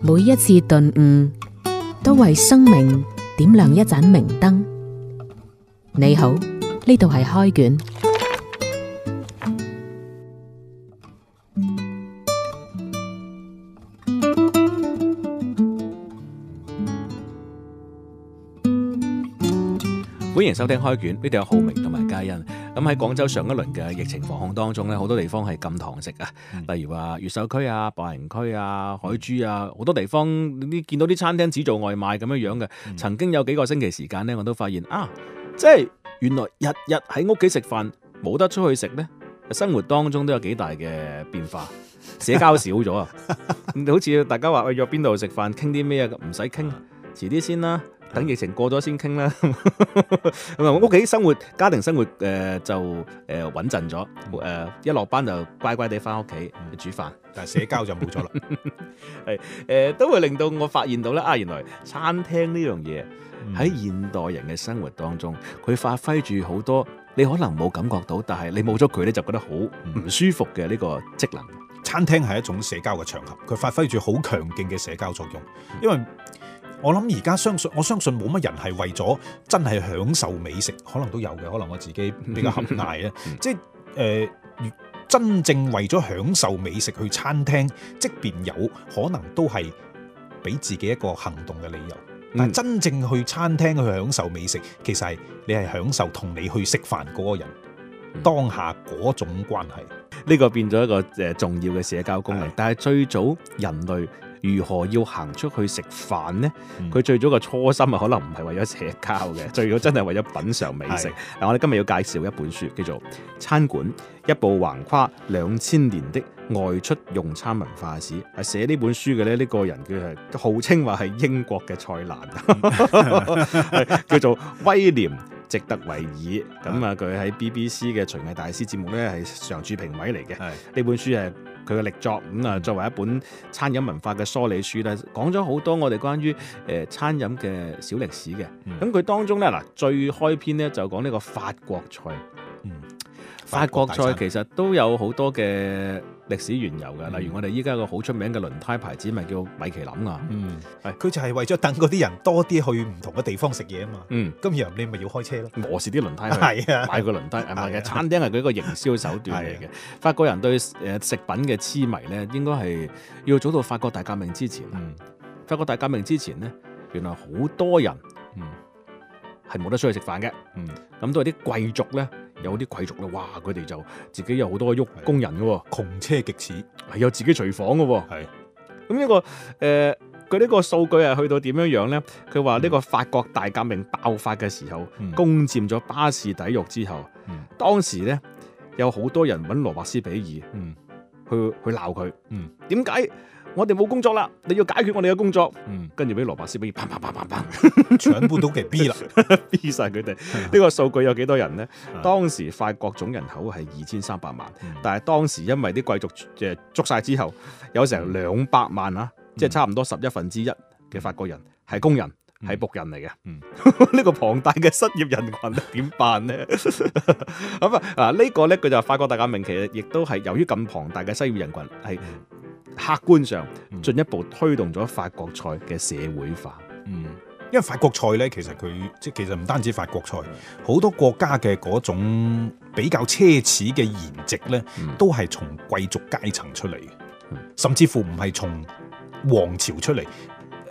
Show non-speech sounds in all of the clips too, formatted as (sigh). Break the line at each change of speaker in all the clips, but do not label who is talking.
每一次頓悟，都為生命點亮一盞明燈。你好，呢度係開卷，歡迎收聽開卷。呢度有浩明同埋佳欣。咁喺廣州上一輪嘅疫情防控當中咧，好多地方係禁堂食啊，嗯、例如話越秀區啊、白雲區啊、海珠啊，好、嗯、多地方你見到啲餐廳只做外賣咁樣樣嘅。嗯、曾經有幾個星期時間咧，我都發現啊，即係原來日日喺屋企食飯冇得出去食咧，生活當中都有幾大嘅變化， (laughs) 社交少咗啊。 (laughs) 好似大家話去約邊度食飯，傾啲咩啊，唔使傾，遲啲先啦。等疫情過咗先傾啦。咁啊，屋企生活、家庭生活誒、呃、就誒穩陣咗。誒、呃呃、一落班就乖乖地翻屋企煮飯，但係社交就冇咗啦。係誒、 (laughs) 呃、都會令到我發現到咧啊，原來餐廳呢樣嘢喺現代人嘅生活當中，佢發揮住好多你可能冇感覺到，但係你
冇咗佢咧就覺得好唔舒服嘅呢個職能。嗯、餐廳係一種社交嘅場合，佢發揮住好強勁嘅社交作用，因為，我諗而家相信，我相信冇乜人係為咗真係享受美食，可能都有嘅，可能我自己比較狹隘啦。 (laughs) 即係誒、呃，真正為咗享受美食去餐廳，即便有可能都係俾自己一個行動嘅理由。但真正去餐廳去享受美食，其實係你係享受同你去食飯嗰個人 (laughs) 當下嗰種關係。呢個變咗一個誒重要嘅社交功能。的但係最早
人類。如何要行出去食飯呢？佢、嗯、最早嘅初心啊，可能唔係為咗社交嘅， (laughs) 最早真係為咗品嚐美食。嗱的，我哋今日要介紹一本書，叫做《餐館》，一部橫跨兩千年的外出用餐文化史。寫呢本書嘅咧，呢、呢個人佢係號稱話係英國嘅蔡瀾， (laughs) (laughs) (laughs) 叫做威廉·席特維爾。咁啊，佢喺 BBC 嘅廚藝大師節目呢係常駐評委嚟嘅。呢的本書係。佢嘅力作咁啊，作為一本餐飲文化嘅梳理書咧，講咗好多我哋關於誒、呃、餐飲嘅小歷史嘅。咁佢、嗯、當中咧嗱，最開篇咧就講呢個法國菜。嗯，法國，法國菜其實都有好多嘅。歷史緣由嘅，例如我哋依家有個好出名嘅輪胎牌子咪叫米其林啊，嗯，係佢就係為咗等嗰啲人多啲去唔同嘅地方食嘢啊嘛，嗯，咁然
後你咪要開車咯，
磨蝕啲輪胎係啊，買個輪胎係咪嘅？餐廳係佢一個營銷手段嚟嘅。法國人對誒食品嘅痴迷咧，應該係要早到法國大革命之前，嗯，法國大革命之前咧，原來好多人，嗯，係冇得出去食飯嘅，嗯，咁都係啲貴族咧。有啲貴族啦，哇！佢哋就自己有好多喐工人嘅，窮奢極侈，係有自己廚房嘅。係的，咁呢、呢個誒嗰啲個數據係去到點樣樣咧？佢話呢個法國大革命爆發嘅時候，嗯、攻佔咗巴士底獄之後，嗯、當時咧有好多人揾羅伯斯庇爾，嗯，去去鬧佢，嗯，點解？我哋冇工作啦，你要解決我哋嘅工作。嗯，跟住俾羅伯斯庇爾砰砰砰砰砰，全部都 B 啦，B 晒佢哋。呢個數據有幾多人呢？當時法國總人口係二千三百萬，但係當時因為啲貴族誒捉晒之後，有成兩百萬啊，即係差唔多十一分之一嘅法國人係工人，係僕人嚟嘅。嗯，呢個龐大嘅失業人群點辦呢？咁啊嗱，呢個呢佢就法國大革命其實亦都係由於咁龐大嘅失業人群係。客觀上，
進一步推動咗法國菜嘅社會化。嗯，因為法國菜咧，其實佢即其實唔單止法國菜，好多國家嘅嗰種比較奢侈嘅筵席，咧，都係從貴族階層出嚟，甚至乎唔係從王朝出嚟。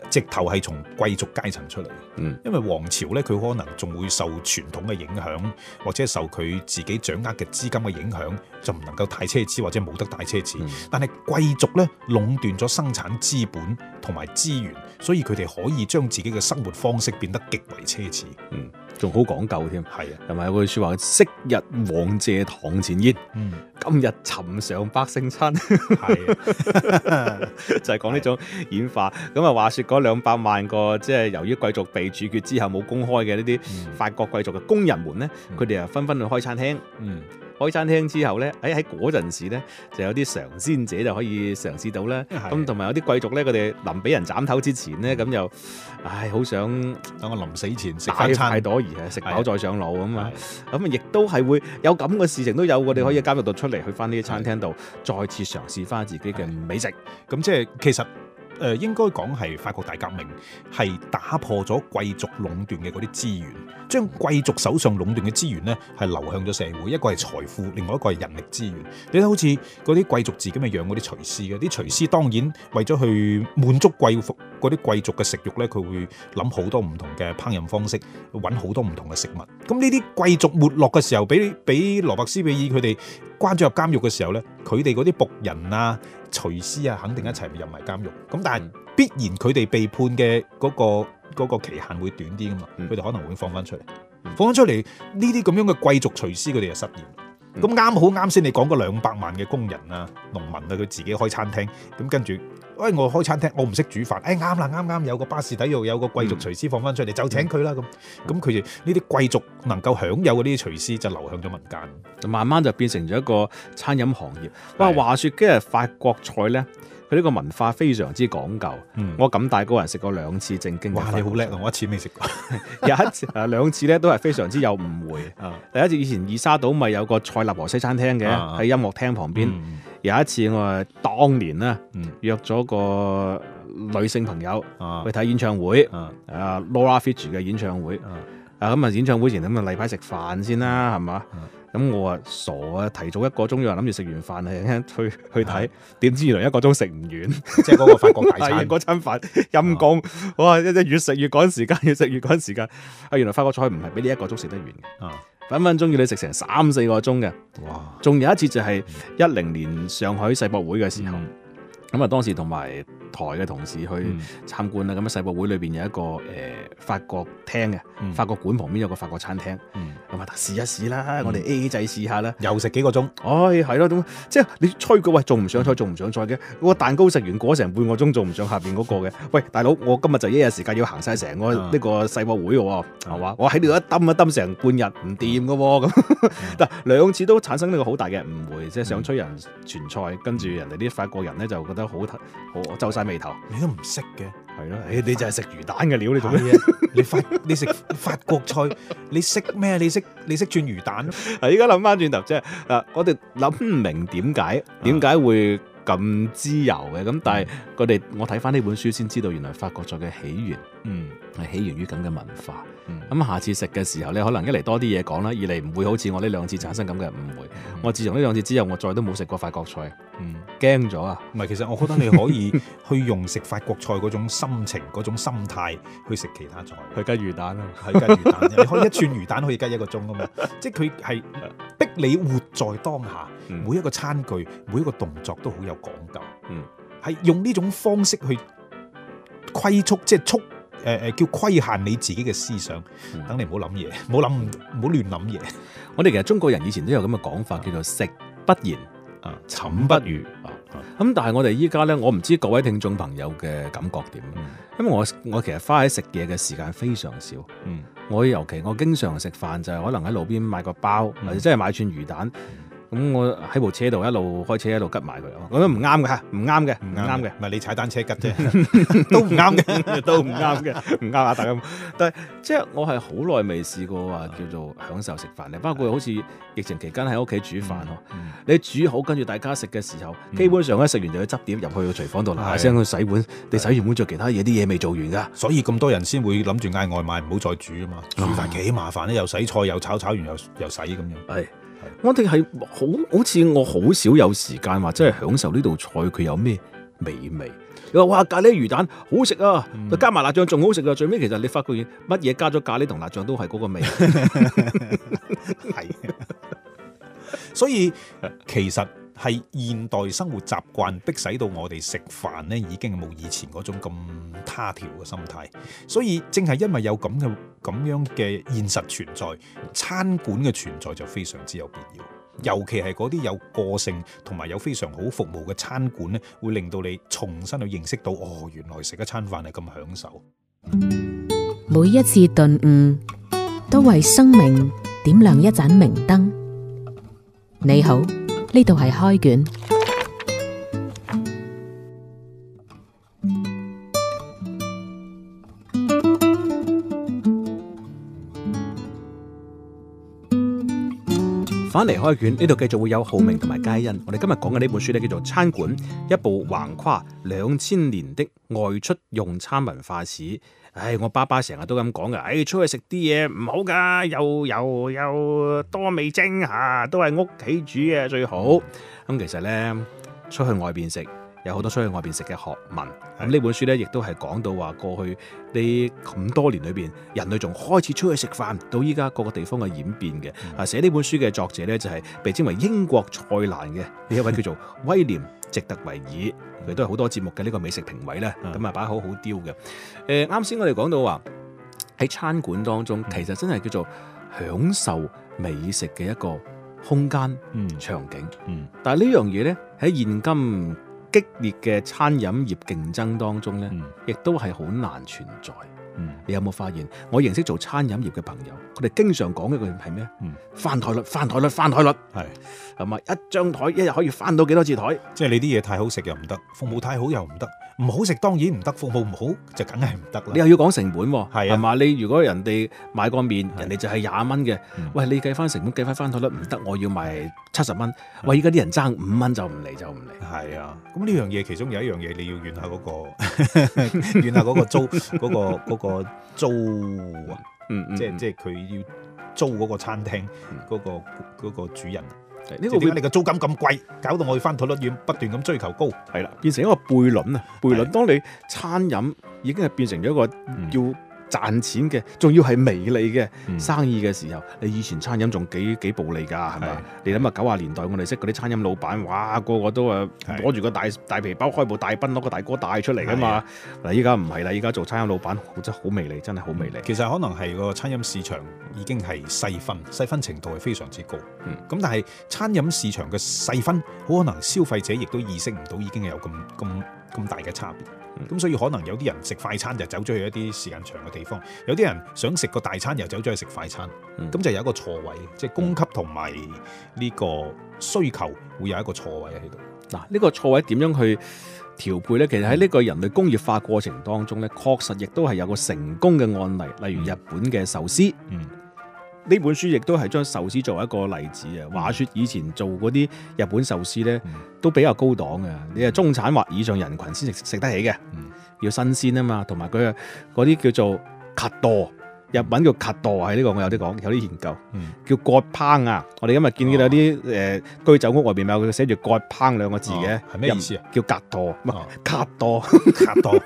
直頭係從貴族階層出嚟，嗯，因為皇朝咧，佢可能仲會受傳統嘅影響，或者受佢自己掌握嘅資金嘅影響，就唔能夠太奢侈，或者冇得太奢侈。嗯，但係貴族咧，壟斷咗生產資本同埋資源，所以佢哋可以將自己嘅生活方式變得極為奢侈，嗯。仲好講究添，係啊的，同埋有句説話說，的昔日王謝堂
前燕，嗯、今日尋常百姓餐，係的 (laughs) 就係講呢種演化。咁啊的，那話説嗰兩百萬個即係、就是、由於貴族被處決之後冇公開嘅呢啲法國貴族嘅工人們咧，佢哋啊紛紛去開餐廳，嗯。開餐廳之後咧，喺喺嗰陣時咧，就有啲嘗鮮者就可以嘗試到啦。咁同埋有啲貴族咧，佢哋臨俾人斬頭之前咧，咁又、嗯，唉，好想等我臨死前食翻啲大快朵頤，食飽再上路咁嘛。咁啊的，亦、嗯、都係會有咁嘅事情都有
我哋、嗯、可以喺監獄到出嚟，去翻呢啲餐廳度的再次嘗試翻自己嘅美食。咁的即係其實。誒、呃，應該講係法國大革命係打破咗貴族壟斷嘅嗰啲資源，將貴族手上壟斷嘅資源呢，係流向咗社會。一個係財富，另外一個係人力資源。你睇好似嗰啲貴族自己咪養嗰啲廚師嘅，啲廚師當然為咗去滿足貴服嗰啲貴族嘅食欲呢，佢會諗好多唔同嘅烹飪方式，搵好多唔同嘅食物。咁呢啲貴族沒落嘅時候，俾俾羅伯斯庇爾佢哋。關咗入監獄嘅時候咧，佢哋嗰啲僕人啊、廚師啊，肯定一齊入埋監獄。咁但係必然佢哋被判嘅嗰、嗰個、嗰個期限會短啲噶嘛，佢哋可能會放翻出嚟。放翻出嚟呢啲咁樣嘅貴族廚師，佢哋就失業。咁啱好啱先你講個兩百萬嘅工人啊、農民啊，佢自己開餐廳，咁跟住。誒我開餐廳，我唔識煮飯，誒啱啦，啱啱有個巴士底度有個貴族廚師放翻出嚟，嗯、就請佢啦咁，咁佢哋呢啲貴族能夠享有嘅呢啲廚師就流向咗民間，就慢慢就
變成咗一個餐飲行業。哇的，話説今日法國菜呢，佢呢個文化非常之講究。嗯、我咁大個人食過兩次正經的。哇，你好叻，我一次未食過， (laughs) 有一次誒兩次呢都係非常之有誤會。 (laughs) 第一次以前二沙島咪有個塞納和西餐廳嘅喺、啊啊、音樂廳旁邊。嗯。有一次我啊當年咧，約咗個女性朋友去睇演唱會，啊 Laura Fygi 嘅演唱會，啊咁啊演唱會前咁啊例牌食飯先啦，係嘛？咁、啊、我啊傻啊，提早一個鐘又話諗住食完飯去去睇，點、啊、知原來一個鐘食唔完，啊、 (laughs) 即係嗰個法國大餐嗰餐飯、啊、呵呵哇！即隻越食越趕時間，越食越趕時間，啊原來法國菜唔係俾呢一個鐘食得完分分鐘要你食成三四個鐘嘅，哇！仲有一次就係一零年上海世博會嘅時候。嗯咁啊！當時同埋台嘅同事去參觀啦。咁啊，世博會裏邊有一個誒法國廳嘅法國館，旁邊有個法國餐廳。咁啊，試一試啦，我哋 A A 制試下啦。又食幾個鐘，唉，係咯，咁即係你吹個喂，仲唔上菜，仲唔上菜嘅。個蛋糕食完過成半個鐘，仲唔上下邊嗰個嘅。喂，大佬，我今日就一日時間要行晒成個呢個世博會喎，係嘛？我喺呢度一蹲一蹲成半日唔掂嘅喎，咁但係兩次都產生呢個好大嘅誤會，即係想催人傳菜，跟住人哋啲法國人咧就覺得。好，我皺
晒眉頭。你都唔識嘅，係咯？你你就係食魚蛋嘅料，你做乜嘢？你法，你食法國菜， (laughs) 你識咩？你識你識轉魚蛋咯？啊！依家諗翻轉頭，即係啊，
我哋諗唔明點解，點解會咁滋油嘅？咁但係我哋我睇翻呢本書，先知道原來法國菜嘅起源，嗯，係起源於咁嘅文化。咁、嗯、下次食嘅時候咧，你可能一嚟多啲嘢講啦，二嚟唔會好似我呢兩次產生咁嘅誤會。我
自從呢兩次之後，我再都冇食過法國菜，驚、嗯、咗啊！唔係，其實我覺得你，你可以去用食法國菜嗰種心情、嗰 (laughs) 種心態去食其他菜。去雞魚蛋啦、啊，去雞魚蛋 (laughs) 你可以一串魚蛋可以雞一個鐘㗎嘛，即係佢係逼你活在當下。嗯、每一個餐具、每一個動作都好有講究，係、嗯、用呢種方式去規促，即係促。誒誒、呃，叫規限你自己嘅思想，等、嗯、你唔好諗嘢，唔好諗唔好亂諗嘢。想我哋其實中國人以前都有咁嘅講法，叫做
食不言啊，寢不語啊。咁、嗯、但係我哋依家咧，我唔知各位聽眾朋友嘅感覺點。嗯、因為我我其實花喺食嘢嘅時間非常少。嗯，我尤其我經常食飯就係可能喺路邊買個包，嗯、或者真係買串魚蛋。嗯咁我喺部車度一路開車一路吉埋佢，咁樣唔啱嘅，唔啱嘅，唔啱嘅，唔係你踩單車吉啫，都唔啱嘅，都唔啱嘅，唔啱啊！但係，但係，即係我係好耐未試過話叫做享受食飯咧，包括好似疫情期間喺屋企煮飯，你煮好跟住大家食嘅時候，基本上咧食完就要執碟入去個廚房度
嗱聲去洗碗，你洗完碗做其他嘢，啲嘢未做完噶。所以咁多人先會諗住嗌外賣，唔好再煮啊嘛！煮飯幾麻煩咧，又洗菜又炒，炒完又又洗咁樣。我哋係好好似我好少有時間或者係享受呢道菜佢有咩
美味，又話哇咖喱魚蛋好食啊，嗯、加埋辣醬仲好食啊，最尾其實你發覺，乜嘢加咗咖喱
同辣醬都係嗰個味，係，所以其實。係現代生活習慣迫使到我哋食飯咧，已經冇以前嗰種咁他條嘅心態。所以正係因為有咁嘅咁樣嘅現實存在，餐館嘅存在就非常之有必要。尤其係嗰啲有個性同埋有非常好服務嘅餐館咧，會令到你重新去認識到，哦，原來食一餐飯係咁享受。
每一次頓悟都為生命點亮一盞明燈。你好。呢度係開卷。翻嚟開卷呢度繼續會有浩明同埋佳欣，我哋今日講嘅呢本書呢，叫做《餐館：一部橫跨兩千年的外出用餐文化史》。唉、哎，我爸爸成日都咁講嘅，唉、哎，出去食啲嘢唔好噶，又又又多味精嚇，都係屋企煮嘅最好。咁其實呢，出去外邊食。有好多出去外邊食嘅學問，咁呢是本書咧，亦都係講到話過去呢咁多年裏邊，人類仲開始出去食飯，到依家各個地方嘅演變嘅。啊、嗯，寫呢本書嘅作者咧就係、是、被稱為英國菜難嘅呢一位叫做威廉席特維爾，佢都係好多節目嘅呢個美食評委咧，咁啊擺好好雕嘅。誒、啱、呃、先我哋講到話喺餐館當中，嗯、其實真係叫做享受美食嘅一個空間、嗯、場景。嗯，但係呢樣嘢咧喺現今激烈嘅餐飲業競爭當中呢，嗯、亦都係好難存在。嗯、你有冇發現？我認識做餐飲業嘅朋友，佢哋經常講一句係咩？嗯、翻台率、翻台率、翻台率，係係咪一張台一日可以翻到幾多次台？即係你啲嘢太好食又唔得，服務太好又唔得。唔
好食當然唔得，服務唔好就梗係唔得啦。你又
要講成本喎，係嘛？你如果人哋買個麵，人哋就係廿蚊嘅，喂，你計翻成本，計翻翻，覺得唔得，我要賣七十蚊。喂，依家啲人爭五蚊就唔嚟，
就唔嚟。係啊，咁呢樣嘢其中有一樣嘢你要怨下嗰個，怨下嗰個租嗰個租啊，即係即係佢要租嗰個餐廳嗰個嗰個主人。呢個點解你嘅租金咁貴，搞到我去翻土地院不斷咁追求高，係啦，變成一個悖論啊，悖論的當你餐飲已經係變成咗一個叫。嗯賺錢嘅，仲要係微
利嘅生意嘅時候，你以前餐飲仲幾幾暴利㗎，係咪是？你諗下九啊年代，我哋識嗰啲餐飲老闆，哇，個個都啊攞住個大是大皮包，開一部大奔攞個大哥帶出
嚟㗎嘛。嗱，依家唔係啦，依家做餐飲老闆真係好微利，真係好微利。其實可能係個餐飲市場已經係細分，細分程度係非常之高。咁、嗯、但係餐飲市場嘅細分，好可能消費者亦都意識唔到已經係有咁咁。這麼咁大嘅差別，咁所以可能有啲人食快餐就走咗去一啲時間長嘅地方，有啲人想食個大餐又走咗去食快餐，咁、嗯、就有一個錯位，即係供給同埋呢個需求會有一個錯位喺度。嗱、嗯，呢個錯位點樣去調配呢？其實喺呢個
人類工業化過程當中呢，確實亦都係有個成功嘅案例，例如日本嘅壽司。嗯。嗯。呢本書亦都係將壽司作為一個例子啊！話說以前做嗰啲日本壽司咧，都比較高檔嘅，嗯、你係中產或以上人群先食食得起嘅，嗯、要新鮮啊嘛，同埋佢嘅嗰啲叫做咔多。日文叫隔多，係呢個，我有啲講有啲研究，嗯、叫割烹啊！我哋今日見到有啲、哦呃、居酒屋外邊咪有寫住割烹兩個字嘅，係咩、哦、意思啊？叫 cut 多？隔墮，隔多？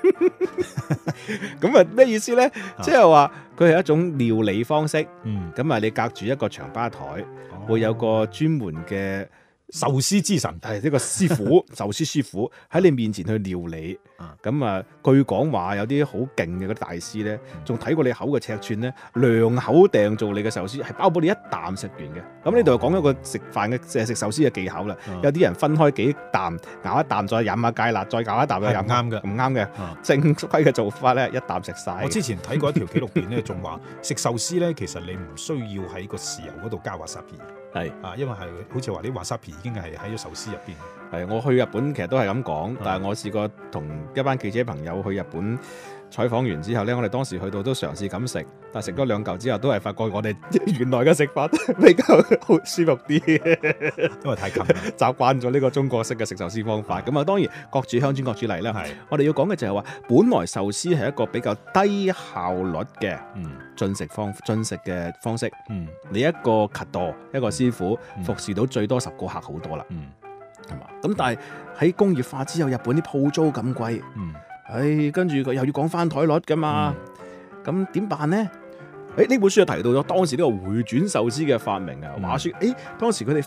咁啊咩意思咧？即係話佢係一種料理方式。嗯，咁啊你隔住一個長吧台，哦、會有個專門嘅。壽司之神係呢、哎這個師傅，壽 (laughs) 司師傅喺你面前去料理，咁啊， (laughs) 據講話有啲好勁嘅嗰啲大師咧，仲睇、嗯、過你口嘅尺寸咧，量口訂做你嘅壽司，係包保你一啖食完嘅。咁呢度又講一個食飯嘅，即係食壽司嘅技巧啦。嗯嗯，有啲人分開幾啖，咬一啖再飲下芥辣，再咬一啖又飲啱嘅，唔
啱嘅。的的嗯、正規嘅做法咧，一啖食晒。我之前睇過一條紀錄片咧， (laughs) 仲話食壽司咧，其實你唔需要喺個豉油嗰度加滑沙片。係啊，是因為係好似話啲 w 沙皮已經係喺咗壽司入邊。
係，我去日本其實都係咁講，是但係我試過同一班記者朋友去日本。採訪完之後呢，我哋當時去到都嘗試咁食，但食咗兩嚿之後，都係發覺我哋原來嘅食法比較舒服啲，因為太近了，習慣咗呢個中國式嘅食壽司方法。咁啊、嗯，當然各處鄉村各處例啦。嗯、我哋要講嘅就係話，本來壽司係一個比較低效率嘅進食方、嗯、進食嘅方式。嗯、你一個 cut 多一個師傅、嗯、服侍到最多十個客好多啦，係嘛、嗯？咁但係喺工業化之後，日本啲鋪租咁貴。嗯誒跟住佢又要講翻台率噶嘛，咁點、嗯、辦呢？誒、欸、呢本書就提到咗當時呢個回轉壽司嘅發明啊。嗯、話説誒、欸、當時佢哋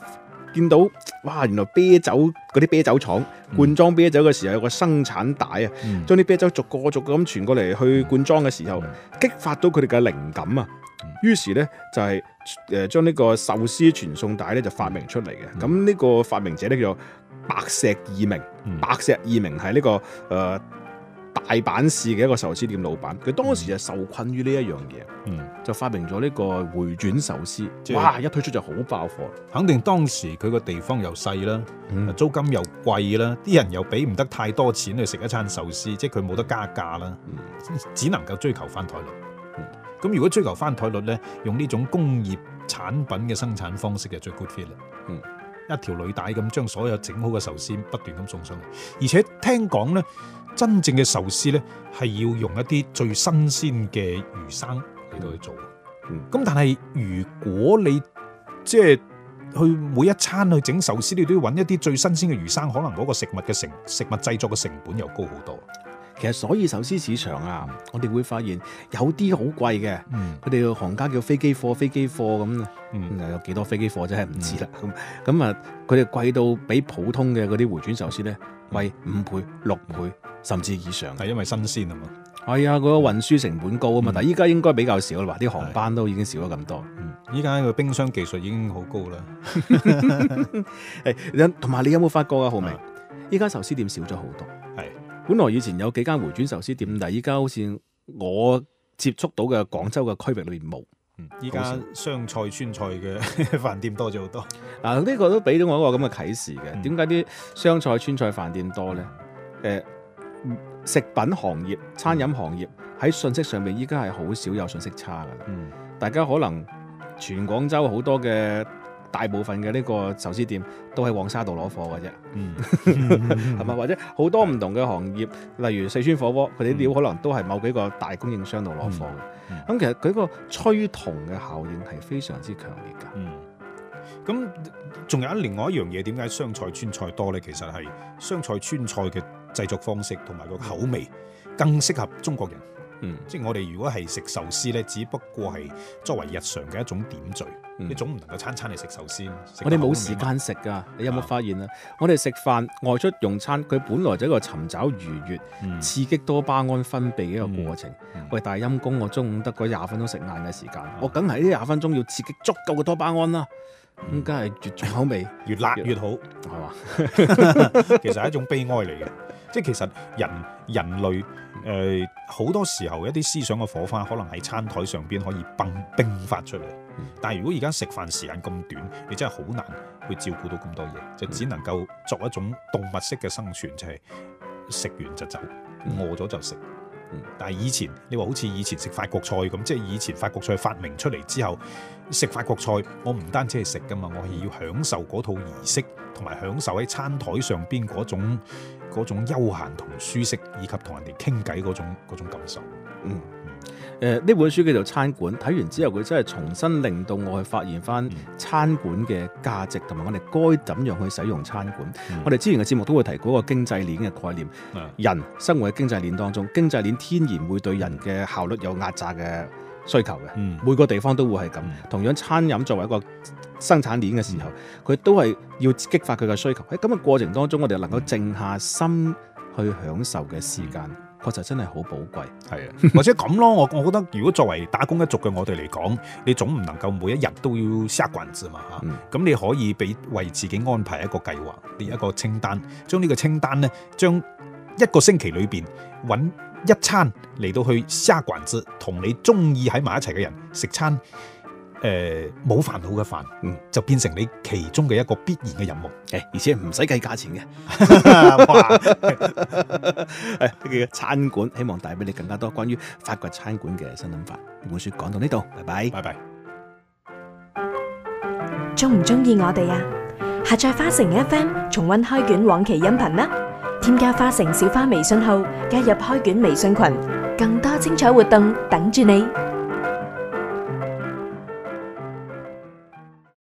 見到哇，原來啤酒嗰啲啤酒廠灌、嗯、裝啤酒嘅時候有個生產帶啊，將啲、嗯、啤酒逐個逐個咁傳過嚟去灌裝嘅時候，嗯、激發到佢哋嘅靈感啊。嗯、於是呢，就係、是、誒、呃、將呢個壽司傳送帶呢就發明出嚟嘅。咁呢、嗯、個發明者呢，叫做白石義明，嗯、白石義明係呢、這個誒。呃大阪市嘅一個壽司店老闆，佢當時就受困於呢一樣嘢，嗯嗯、就發
明咗呢個回轉壽司。即係哇！一推出就好爆火，肯定當時佢個地方又細啦，嗯、租金又貴啦，啲人又俾唔得太多錢去食一餐壽司，即係佢冇得加價啦，嗯、只能夠追求翻台率。咁、嗯、如果追求翻台率呢，用呢種工業產品嘅生產方式就最 good fit 啦。嗯、一條履帶咁將所有整好嘅壽司不斷咁送上嚟，而且聽講呢。真正嘅壽司呢，係要用一啲最新鮮嘅魚生嚟到去做。咁、嗯、但係如果你即係去每一餐去整壽司，你都要揾一啲最新鮮嘅魚生，可能嗰個食物嘅成食物製作嘅成本又高好多。其實所以壽司市場啊，我哋會發現有啲好貴嘅，佢哋個行
家叫飛機貨、飛機貨咁啊，有幾多飛機貨真係唔知啦。咁咁啊，佢哋貴到比普通嘅嗰啲回轉壽司咧貴五倍、六倍甚至以上。係因為新鮮啊嘛。係啊，個運輸成本高啊嘛。嗯、但係依家應該比較少啦，話啲航班都已經少咗咁多了。依家個冰箱技術已經好高啦。誒，同埋你有冇發覺啊，浩明？依家壽司店少咗好多。本來以前有幾間回轉壽司店，但係依家好似我接觸到嘅廣州嘅區域裏面冇。
依家湘菜，菜、川菜嘅飯店多咗
好多。嗱，呢個都俾咗我一個咁嘅啟示嘅。點解啲湘菜、川菜飯店多咧？誒、嗯呃，食品行業、餐飲行業喺、嗯、信息上面，依家係好少有信息差噶。嗯，大家可能全廣州好多嘅。大部分嘅呢個壽司店都喺黃沙度攞貨嘅啫，係咪、嗯？ (laughs) 或者好多唔同嘅行業，的例如四川火鍋，佢啲料可能都係某幾個大供應商度攞貨。咁、嗯嗯、其實佢個趨
同嘅效應係非常之強烈㗎。咁仲、嗯、有另外一樣嘢，點解湘菜川菜多呢？其實係湘菜川菜嘅製作方式同埋個口味更適合中國人。即係我哋如果係食壽司呢，只不過係作為日常嘅一種點綴，你總唔能夠餐餐嚟食壽司。我哋冇時間食㗎，
你有冇發現啊？我哋食飯外出用餐，佢本來就一個尋找愉悅、刺激多巴胺分泌嘅一個過程。喂，大陰功，我中午得嗰廿分鐘食晏嘅時間，我梗係呢廿分鐘要刺激足夠嘅多巴胺啦。咁梗係越重口味、越辣越
好，係嘛？其實係一種悲哀嚟嘅。即係其實人人類誒好、呃、多時候一啲思想嘅火花，可能喺餐枱上邊可以崩迸發出嚟。但係如果而家食飯時間咁短，你真係好難去照顧到咁多嘢，就只能夠作一種動物式嘅生存，就係、是、食完就走，餓咗就食。但係以前，你話好似以前食法國菜咁，即係以前法國菜發明出嚟之後，食法國菜我不，我唔單止係食噶嘛，我係要享受嗰套儀式，同埋享受喺餐台上邊嗰種嗰種悠閒同舒適，以及同人哋傾偈嗰種嗰種感受。嗯，誒，呢本書叫做《餐館》，睇完之後，
佢真係重新令到我去發現返餐館嘅價值，同埋我哋該怎樣去使用餐館。嗯、我哋之前嘅節目都會提過一個經濟鏈嘅概念，嗯、人生活喺經濟鏈當中，經濟鏈天然會對人嘅效率有壓榨嘅需求嘅。嗯、每個地方都會係咁。嗯、同樣，餐飲作為一個生產鏈嘅時候，佢、嗯、都係要激發佢嘅需求。喺咁嘅過程當中，我哋能夠靜下心去享受嘅時間。嗯
確實真係好寶貴，係啊，或者咁咯，我我覺得如果作為打工一族嘅我哋嚟講，你總唔能夠每一日都要下館子嘛吓，咁、嗯、你可以俾為自己安排一個計劃，列一個清單，將呢個清單呢，將一個星期裏邊揾一餐嚟到去下館子，同你中意喺埋一齊嘅人食餐。誒，冇煩惱嘅飯，嗯、就變成你其中嘅一個必然嘅任務，誒、欸，而且唔使計價錢嘅，哇！係
餐館，希望帶俾你更加多關於法國餐館嘅新諗法。本書講到呢度，拜拜，
拜拜。中唔中意我哋啊？下載花城 FM，重温開卷往期音頻啦！添加花城小花微信號，加入開卷微信群，更多精彩活動等住你。